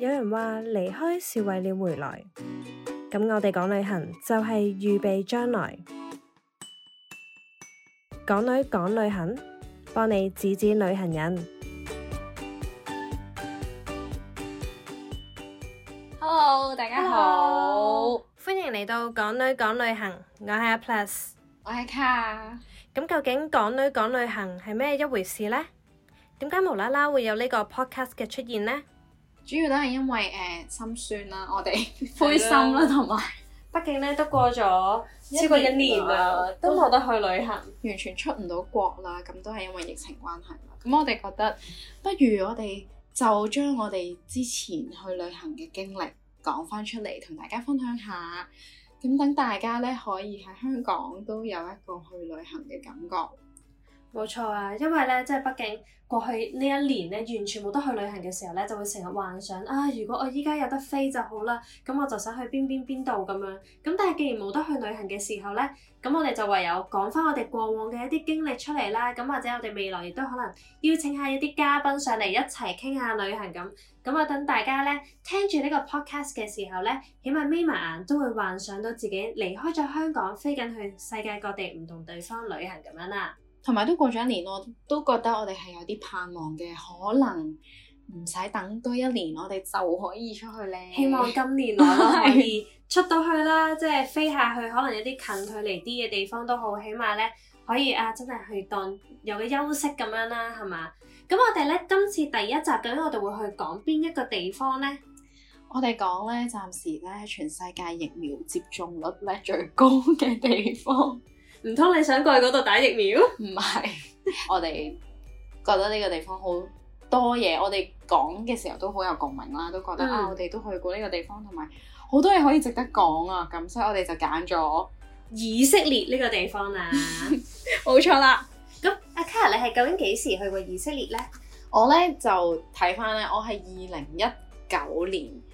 有人話離開是為了回來，咁我哋講旅行就係預備將來。港女講旅行，幫你指指旅行人。Hello，大家好，歡迎嚟到港女講旅行，我係阿 Plus，我係卡。咁究竟港女講旅行係咩一回事呢？點解無啦啦會有呢個 podcast 嘅出現呢？主要都係因為誒、呃、心酸啦，我哋灰心啦，同埋 畢竟咧都過咗超過一年啦，知知啊、都冇得去旅行，完全出唔到國啦。咁都係因為疫情關係。咁 我哋覺得不如我哋就將我哋之前去旅行嘅經歷講返出嚟，同大家分享下。咁等大家咧可以喺香港都有一個去旅行嘅感覺。冇錯啊，因為咧，即係畢竟過去呢一年咧，完全冇得去旅行嘅時候咧，就會成日幻想啊！如果我依家有得飛就好啦，咁我就想去邊邊邊度咁樣。咁但係既然冇得去旅行嘅時候咧，咁我哋就唯有講翻我哋過往嘅一啲經歷出嚟啦。咁或者我哋未來亦都可能邀請下一啲嘉賓上嚟一齊傾下旅行咁。咁啊，等大家咧聽住呢個 podcast 嘅時候咧，起碼眯埋眼都會幻想到自己離開咗香港，飛緊去世界各地唔同地方旅行咁樣啦～同埋都過咗一年，我都覺得我哋係有啲盼望嘅，可能唔使等多一年，我哋就可以出去咧。希望今年我都可以 出到去啦，即係飛下去，可能有啲近距離啲嘅地方都好，起碼咧可以啊，真係去當有啲休息咁樣啦，係嘛？咁我哋咧今次第一集咧，究竟我哋會去講邊一個地方咧？我哋講咧，暫時咧，全世界疫苗接種率咧最高嘅地方。唔通你想過去嗰度打疫苗？唔係，我哋覺得呢個地方好多嘢，我哋講嘅時候都好有共鳴啦，都覺得、嗯、啊，我哋都去過呢個地方，同埋好多嘢可以值得講啊，咁所以我哋就揀咗以色列呢個地方啦，冇錯 啦。咁阿 卡，你係究竟幾時去過以色列呢？我呢就睇翻呢我係二零一九年。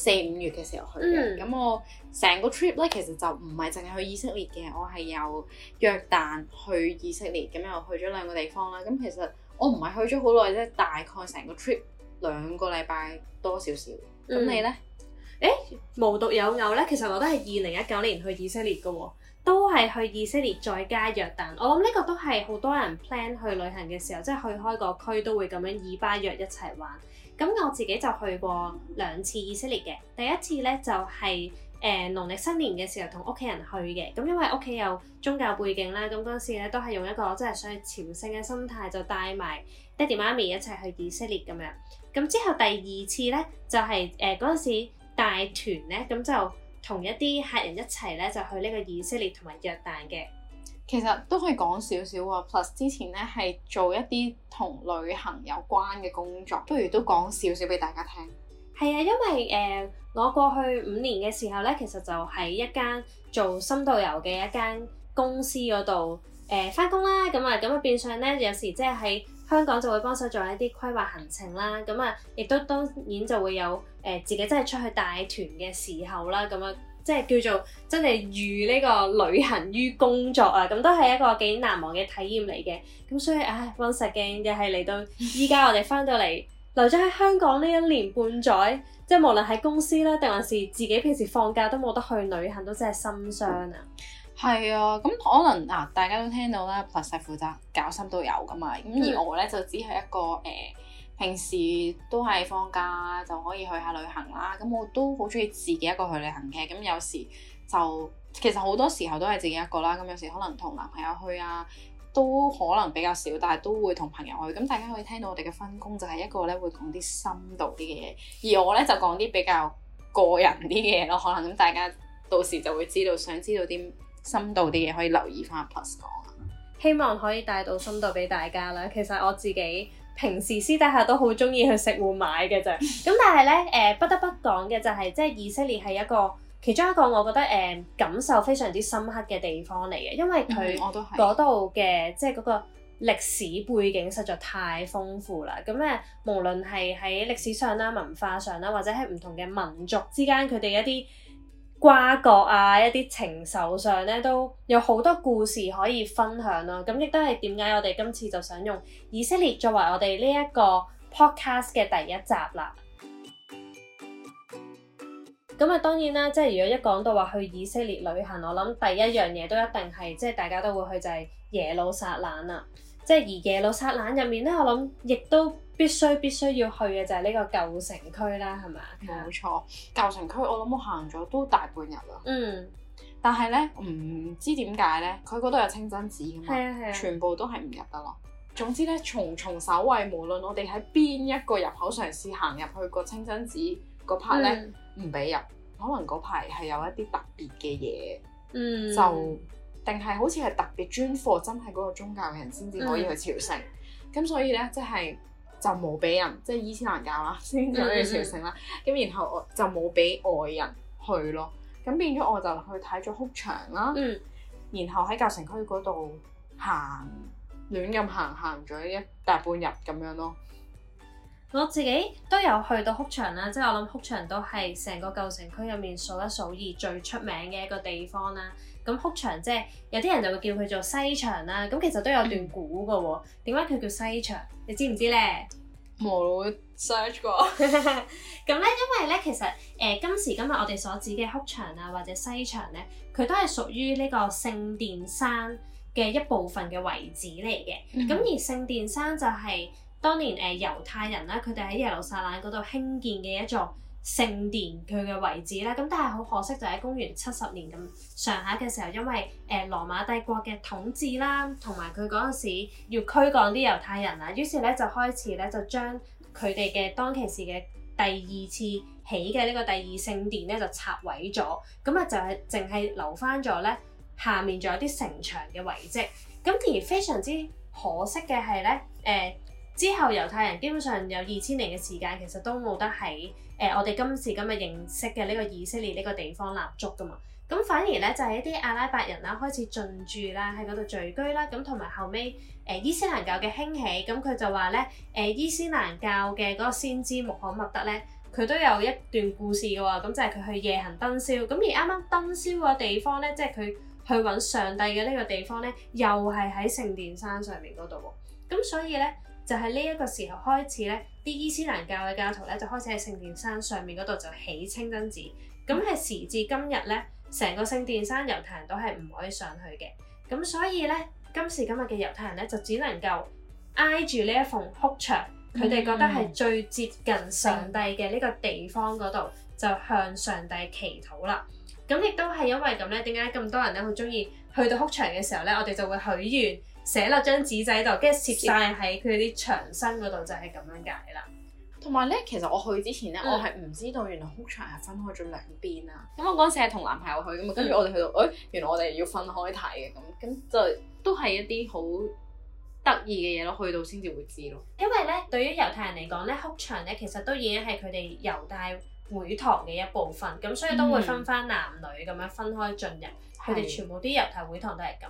四五月嘅時候去嘅，咁、嗯、我成個 trip 咧其實就唔係淨係去以色列嘅，我係由約旦去以色列，咁又去咗兩個地方啦。咁其實我唔係去咗好耐啫，大概成個 trip 兩個禮拜多少少。咁你呢？誒、嗯欸、無獨有偶呢。其實我都係二零一九年去以色列嘅喎，都係去以色列再加約旦。我諗呢個都係好多人 plan 去旅行嘅時候，即係去開個區都會咁樣以巴約一齊玩。咁我自己就去過兩次以色列嘅，第一次咧就係、是、誒、呃、農曆新年嘅時候同屋企人去嘅。咁因為屋企有宗教背景啦，咁嗰時咧都係用一個真係想去朝聖嘅心態，就帶埋爹哋媽咪一齊去以色列咁樣。咁之後第二次咧就係誒嗰陣時帶團咧，咁就同一啲客人一齊咧就去呢個以色列同埋約旦嘅。其實都可以講少少啊，Plus 之前咧係做一啲同旅行有關嘅工作，不如都講少少俾大家聽。係啊，因為誒、呃、我過去五年嘅時候咧，其實就喺一間做深度遊嘅一間公司嗰度誒返工啦。咁啊咁啊，變相咧有時即係喺香港就會幫手做一啲規劃行程啦。咁啊，亦都當然就會有誒、呃、自己真係出去帶團嘅時候啦。咁啊。即係叫做真係寓呢個旅行於工作啊，咁都係一個幾難忘嘅體驗嚟嘅。咁所以唉，Van Sir 嘅又係嚟到依家我哋翻到嚟 留咗喺香港呢一年半載，即係無論喺公司啦，定還是自己平時放假都冇得去旅行，都真係心傷、嗯、啊。係啊，咁可能嗱、啊，大家都聽到啦 Van Sir 負責搞心都有噶嘛。咁、嗯、而我咧就只係一個誒。呃平時都係放假就可以去下旅行啦，咁我都好中意自己一個去旅行嘅。咁有時就其實好多時候都係自己一個啦。咁有時可能同男朋友去啊，都可能比較少，但係都會同朋友去。咁大家可以聽到我哋嘅分工就係一個呢會講啲深度啲嘅嘢，而我呢就講啲比較個人啲嘅嘢咯。可能咁大家到時就會知道，想知道啲深度啲嘢可以留意翻 Plus 講。希望可以帶到深度俾大家啦。其實我自己。平時私底下都好中意去食戶買嘅啫，咁但係呢誒不得不講嘅就係、是，即係以色列係一個其中一個我覺得誒、呃、感受非常之深刻嘅地方嚟嘅，因為佢嗰度嘅即係嗰個歷史背景實在太豐富啦。咁咧，無論係喺歷史上啦、文化上啦，或者喺唔同嘅民族之間佢哋一啲瓜葛啊，一啲情仇上咧，都有好多故事可以分享咯、啊。咁亦都係點解我哋今次就想用以色列作為我哋呢一個 podcast 嘅第一集啦。咁啊， 當然啦，即係如果一講到話去以色列旅行，我諗第一樣嘢都一定係即係大家都會去就係耶路撒冷啦。即係而耶路撒冷入面咧，我諗亦都。必須必須要去嘅就係呢個舊城區啦，係咪？冇錯，舊城區我諗我行咗都大半日啦。嗯，但係咧唔知點解咧，佢嗰度有清真寺㗎嘛？係啊係啊，全部都係唔入得咯。總之咧，重重守衞，無論我哋喺邊一個入口嘗試行入去個清真寺嗰 part 咧，唔俾入。可能嗰排係有一啲特別嘅嘢，嗯，就定係好似係特別專貨，真係嗰個宗教嘅人先至可以去朝聖。咁所以咧，即係。就冇俾人即伊斯蘭教啦，先去朝聖啦。咁、mm hmm. 然後我就冇俾外人去咯。咁變咗我就去睇咗哭牆啦。嗯、mm，hmm. 然後喺舊城區嗰度行亂咁行，行咗一大半日咁樣咯。我自己都有去到哭牆啦，即係我諗哭牆都係成個舊城區入面數一數二最出名嘅一個地方啦。咁哭牆即係有啲人就會叫佢做西牆啦。咁其實都有段古㗎喎，點解佢叫西牆？你知唔知咧？冇 search 過。咁咧，因為咧，其實誒、呃、今時今日我哋所指嘅哭牆啊，或者西牆咧，佢都係屬於呢個聖殿山嘅一部分嘅位置嚟嘅。咁、嗯、而聖殿山就係、是。當年誒、呃、猶太人啦，佢哋喺耶路撒冷嗰度興建嘅一座聖殿，佢嘅位置咧，咁但係好可惜就喺、是、公元七十年咁上下嘅時候，因為誒、呃、羅馬帝國嘅統治啦，同埋佢嗰陣時要驅趕啲猶太人啊，於是咧就開始咧就將佢哋嘅當其時嘅第二次起嘅呢個第二聖殿咧就拆毀咗，咁啊就係淨係留翻咗咧下面仲有啲城牆嘅遺跡。咁而非常之可惜嘅係咧誒。呃之後，猶太人基本上有二千年嘅時間，其實都冇得喺誒、呃、我哋今時今日認識嘅呢個以色列呢個地方立足㗎嘛。咁反而咧就係、是、一啲阿拉伯人啦，開始進駐啦，喺嗰度聚居啦。咁同埋後尾，誒、呃、伊斯蘭教嘅興起，咁佢就話咧誒伊斯蘭教嘅嗰個先知穆罕默德咧，佢都有一段故事嘅喎。咁就係佢去夜行登霄咁，而啱啱登霄嘅地方咧，即係佢去搵上帝嘅呢個地方咧，又係喺聖殿山上面嗰度喎。咁所以咧。就係呢一個時候開始咧，啲伊斯蘭教嘅教徒咧就開始喺聖殿山上面嗰度就起清真寺。咁係時至今日咧，成個聖殿山猶太人都係唔可以上去嘅。咁所以咧，今時今日嘅猶太人咧就只能夠挨住呢一縫哭牆，佢哋覺得係最接近上帝嘅呢個地方嗰度就向上帝祈禱啦。咁亦都係因為咁咧，點解咁多人咧好中意去到哭牆嘅時候咧，我哋就會許願。寫落張紙仔度，跟住攝晒喺佢啲牆身嗰度，就係咁樣解啦。同埋咧，其實我去之前咧，嗯、我係唔知道原來哭牆係分開咗兩邊啊。咁我嗰陣時係同男朋友去，咁啊跟住我哋去到，誒、嗯哎、原來我哋要分開睇嘅咁，咁就都係一啲好得意嘅嘢咯。去到先至會知咯。因為咧，對於猶太人嚟講咧，哭牆咧其實都已經係佢哋猶太會堂嘅一部分，咁所以都會分翻男女咁、嗯、樣分開進入。佢哋全部啲猶太會堂都係咁。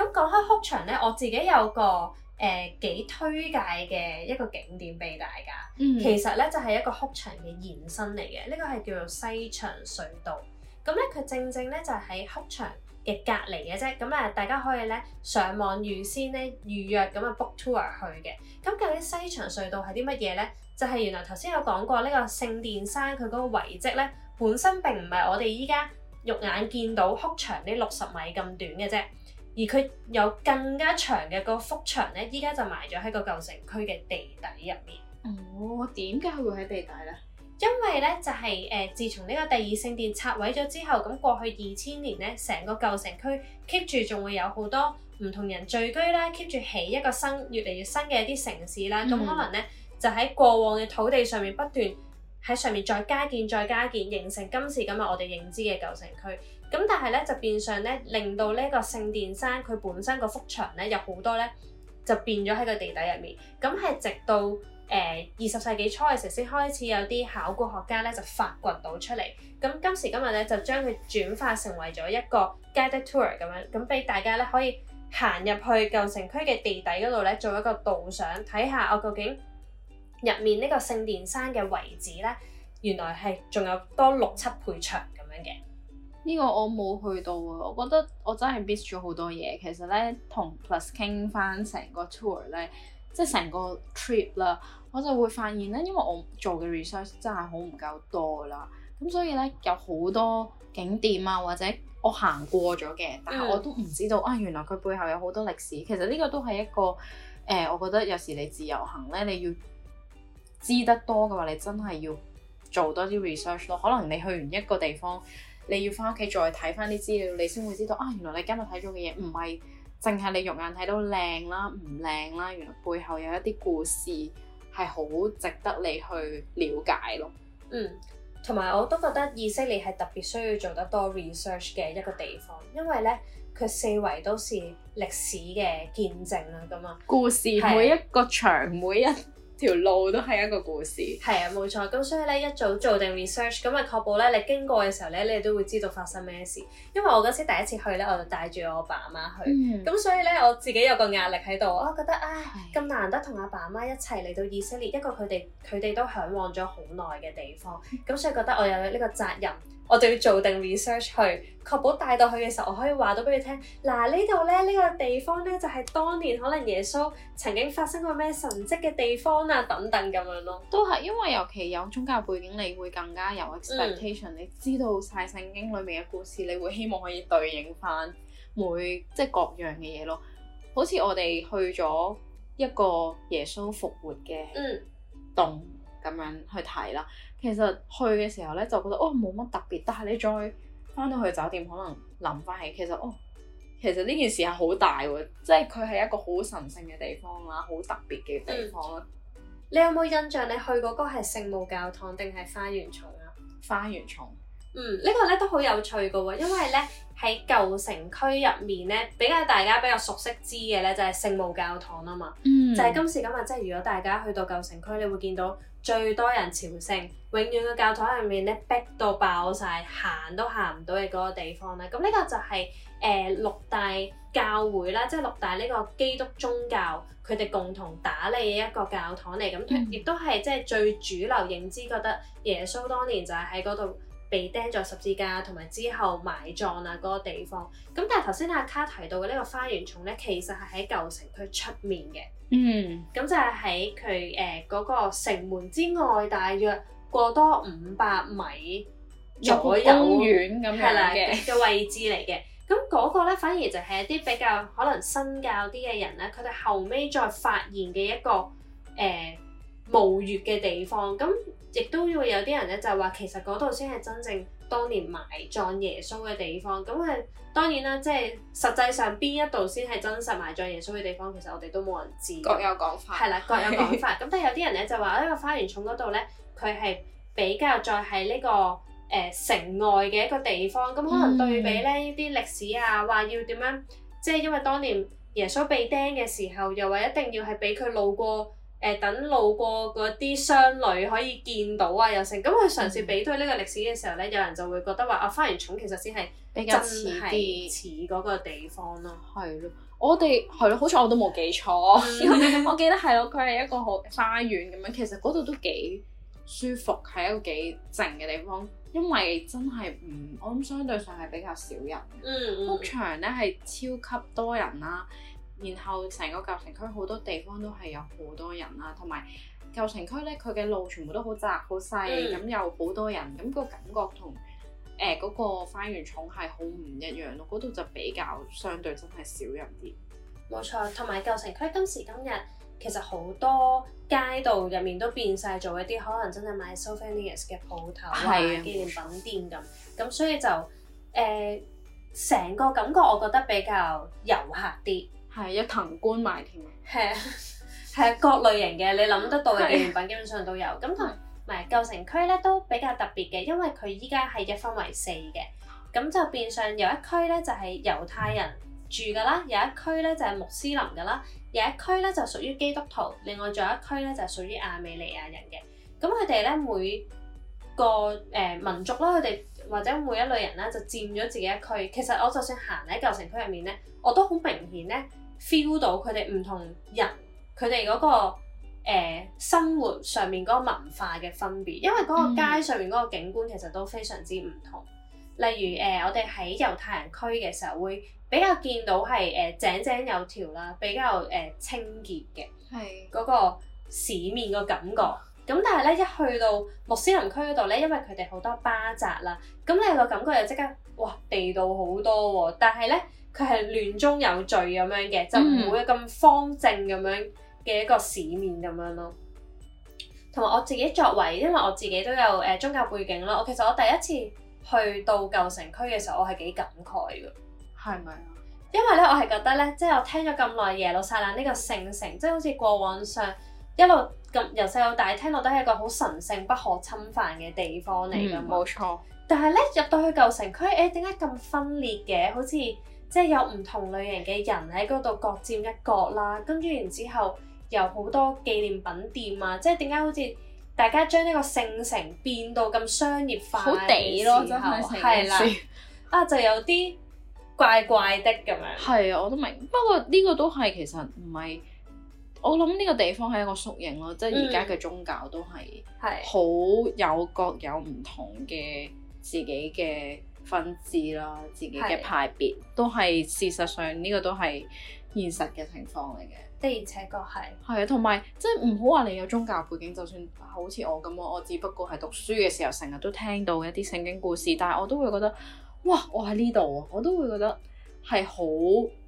咁講開哭牆咧，我自己有個誒幾、呃、推介嘅一個景點俾大家。嗯、其實咧就係一個哭牆嘅延伸嚟嘅，呢、這個係叫做西牆隧道。咁咧佢正正咧就喺哭牆嘅隔離嘅啫。咁咧大家可以咧上網預先咧預約咁啊 book tour 去嘅。咁究竟西牆隧道係啲乜嘢咧？就係、是、原來頭先有講過呢個聖殿山佢嗰個遺跡咧，本身並唔係我哋依家肉眼見到哭牆呢六十米咁短嘅啫。而佢有更加長嘅嗰幅牆咧，依家就埋咗喺個舊城區嘅地底入面。哦，點解會喺地底咧？因為咧就係、是、誒、呃，自從呢個第二聖殿拆毀咗之後，咁過去二千年咧，成個舊城區 keep 住仲會有好多唔同人聚居啦，keep 住起一個新、越嚟越新嘅一啲城市啦，咁、嗯、可能咧就喺過往嘅土地上面不斷，喺上面再加建再加建，形成今時今日我哋認知嘅舊城區。咁但係咧就變相咧，令到呢個聖殿山佢本身個幅牆咧有好多咧就變咗喺個地底入面。咁係直到誒二十世紀初嘅時先開始有啲考古學家咧就發掘到出嚟。咁今時今日咧就將佢轉化成為咗一個 guided tour 咁樣，咁俾大家咧可以行入去舊城區嘅地底嗰度咧做一個導賞，睇下我究竟。入面呢個聖殿山嘅位置呢，原來係仲有多六七倍長咁樣嘅。呢個我冇去到啊，我覺得我真係 miss 咗好多嘢。其實呢，同 Plus 傾翻成個 tour 呢，即係成個 trip 啦，我就會發現呢，因為我做嘅 research 真係好唔夠多啦。咁所以呢，有好多景點啊，或者我行過咗嘅，但係我都唔知道、嗯、啊。原來佢背後有好多歷史。其實呢個都係一個誒、呃，我覺得有時你自由行呢，你要。知得多嘅話，你真係要做多啲 research 咯。可能你去完一個地方，你要翻屋企再睇翻啲資料，你先會知道啊。原來你今日睇到嘅嘢唔係淨係你肉眼睇到靚啦、唔靚啦。原來背後有一啲故事係好值得你去了解咯。嗯，同埋我都覺得以色列係特別需要做得多 research 嘅一個地方，因為呢，佢四圍都是歷史嘅見證啦，咁、嗯、啊故事是每一個場每一。條路都係一個故事，係啊，冇錯。咁所以咧，一早做定 research，咁咪確保咧，你經過嘅時候咧，你都會知道發生咩事。因為我嗰時第一次去咧，我就帶住我爸媽去，咁、嗯、所以咧，我自己有個壓力喺度，我覺得唉咁、啊、對難得同阿爸媽一齊嚟到以色列，一個佢哋佢哋都嚮往咗好耐嘅地方，咁所以覺得我有呢個責任，我就要做定 research 去。確保帶到去嘅時候，我可以話到俾你聽。嗱、啊、呢度咧，呢、呢個地方咧就係、是、當年可能耶穌曾經發生過咩神蹟嘅地方啊，等等咁樣咯。都係，因為尤其有宗教背景，你會更加有 expectation，嗯、你知道晒聖經裏面嘅故事，你會希望可以對應翻每即係各樣嘅嘢咯。好似我哋去咗一個耶穌復活嘅洞咁、嗯、樣去睇啦。其實去嘅時候咧，就覺得哦冇乜特別，但係你再翻到去酒店，可能諗翻起，其實哦，其實呢件事係好大喎，即係佢係一個好神聖嘅地方啊，好特別嘅地方。啊、嗯。你有冇印象？你去過嗰個係聖母教堂定係花園塚啊？花園塚。嗯，這個、呢個咧都好有趣嘅喎、哦，因為咧喺舊城區入面咧，比較大家比較熟悉知嘅咧就係聖墓教堂啊嘛，嗯、就係今時今日即係如果大家去到舊城區，你會見到最多人朝聖，永遠嘅教堂入面咧逼到爆晒，行都行唔到嘅嗰個地方咧。咁呢個就係、是、誒、呃、六大教會啦，即係六大呢個基督宗教佢哋共同打理嘅一個教堂嚟，咁亦、嗯、都係即係最主流認知覺得耶穌當年就係喺嗰度。被釘咗十字架同埋之後埋葬啊嗰個地方，咁但係頭先阿卡提到嘅呢個花園塚咧，其實係喺舊城區出面嘅。嗯，咁就係喺佢誒嗰個城門之外，大約過多五百米左右，公園咁樣嘅的 位置嚟嘅。咁嗰個咧反而就係一啲比較可能新教啲嘅人咧，佢哋後尾再發現嘅一個誒墓穴嘅地方咁。亦都會有啲人咧，就話其實嗰度先係真正當年埋葬耶穌嘅地方。咁係，當然啦，即係實際上邊一度先係真實埋葬耶穌嘅地方，其實我哋都冇人知，各有講法。係啦的，各有講法。咁的但係有啲人咧就話，呢個花園蟲嗰度咧，佢係比較再係呢個誒、呃、城外嘅一個地方。咁可能對比咧啲、嗯、歷史啊，話要點樣即係因為當年耶穌被釘嘅時候，又話一定要係俾佢路過。誒、呃、等路過嗰啲商旅可以見到啊，又剩咁佢嘗試比對呢個歷史嘅時候咧，嗯、有人就會覺得話啊，花園塚其實先係比較似啲似嗰個地方咯、啊。係咯，我哋係咯，好彩我都冇記錯、嗯 嗯，我記得係咯，佢係一個好花園咁樣，其實嗰度都幾舒服，係一個幾靜嘅地方，因為真係唔，我諗相對上係比較少人。嗯，屋場咧係超級多人啦、啊。然後成個舊城區好多地方都係有好多人啦、啊，同埋舊城區咧，佢嘅路全部都好窄好細，咁又好多人，咁個感覺同誒嗰個花園塚係好唔一樣咯。嗰、那、度、個、就比較相對真係少人啲，冇錯。同埋舊城區今時今日其實好多街道入面都變晒做一啲可能真係賣 Souvenirs 嘅鋪頭啊、紀念品店咁，咁錯所以就誒成、呃、個感覺我覺得比較遊客啲。係一藤官賣添，係啊，係啊，各類型嘅你諗得到嘅紀念品基本上都有。咁同埋係舊城區咧都比較特別嘅，因為佢依家係一分為四嘅，咁就變相有一區咧就係、是、猶太人住噶啦，有一區咧就係、是、穆斯林噶啦，有一區咧就屬於基督徒，另外仲有一區咧就是、屬於亞美利亞亞美尼亞人嘅。咁佢哋咧每個誒民族啦，佢哋或者每一類人啦，就佔咗自己一區。其實我就算行喺舊城區入面咧，我都好明顯咧。feel 到佢哋唔同人，佢哋嗰個、呃、生活上面嗰個文化嘅分別，因為嗰個街上面嗰個景觀其實都非常之唔同。例如誒、呃，我哋喺猶太人區嘅時候會比較見到係誒、呃、井井有條啦，比較誒、呃、清潔嘅嗰是的 個市面嘅感覺。咁但係咧一去到穆斯林區嗰度咧，因為佢哋好多巴扎啦，咁你個感覺就即刻哇地道好多喎、哦！但係咧，佢係亂中有序咁樣嘅，就唔 會咁方正咁樣嘅一個市面咁樣咯。同埋 我自己作為，因為我自己都有誒宗、呃、教背景咯。我其實我第一次去到舊城區嘅時候，我係幾感慨嘅。係咪嗎因為咧，我係覺得咧，即係我聽咗咁耐耶路撒冷呢個聖城，即係 好似過往上一路咁由細到大聽到都係一個好神聖不可侵犯嘅地方嚟噶嘛。冇錯。但係咧入到去舊城區，誒點解咁分裂嘅？好似即係有唔同類型嘅人喺嗰度各佔一角啦，跟住然之後有好多紀念品店啊！即係點解好似大家將呢個聖城變到咁商業化？好地咯，真係，係啦， 啊就有啲怪怪的咁樣。係啊，我都明。不過呢個都係其實唔係，我諗呢個地方係一個縮影咯，即係而家嘅宗教都係好、嗯、有各有唔同嘅自己嘅。分之啦，自己嘅派別都係，事實上呢個都係現實嘅情況嚟嘅。的而且確係，係啊，同埋即係唔好話你有宗教背景，就算好似我咁，我只不過係讀書嘅時候成日都聽到一啲聖經故事，但係我都會覺得哇，我喺呢度我都會覺得係好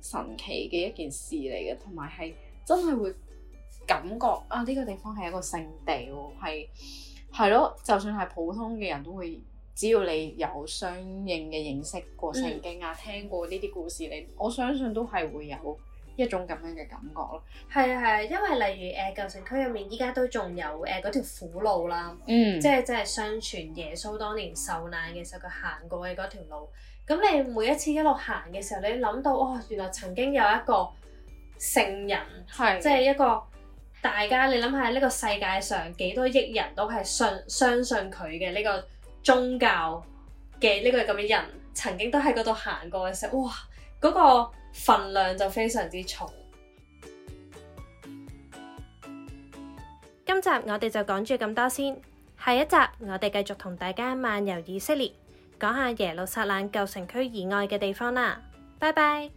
神奇嘅一件事嚟嘅，同埋係真係會感覺啊，呢個地方係一個聖地係，係咯，就算係普通嘅人都會。只要你有相應嘅認識過聖經啊，嗯、聽過呢啲故事，你我相信都係會有一種咁樣嘅感覺咯。係啊係啊，因為例如誒舊城區入面，依家都仲有誒嗰條苦路啦、嗯，即係即係相傳耶穌當年受難嘅時候佢行過嘅嗰條路。咁你每一次一路行嘅時候，你諗到哦，原來曾經有一個聖人，係即係一個大家你諗下呢個世界上幾多億人都係信相信佢嘅呢個宗教嘅呢個咁嘅人曾經都喺嗰度行過嘅時候，哇！嗰個份量就非常之重。今集我哋就講住咁多先，下一集我哋繼續同大家漫遊以色列，講下耶路撒冷舊城區以外嘅地方啦。拜拜。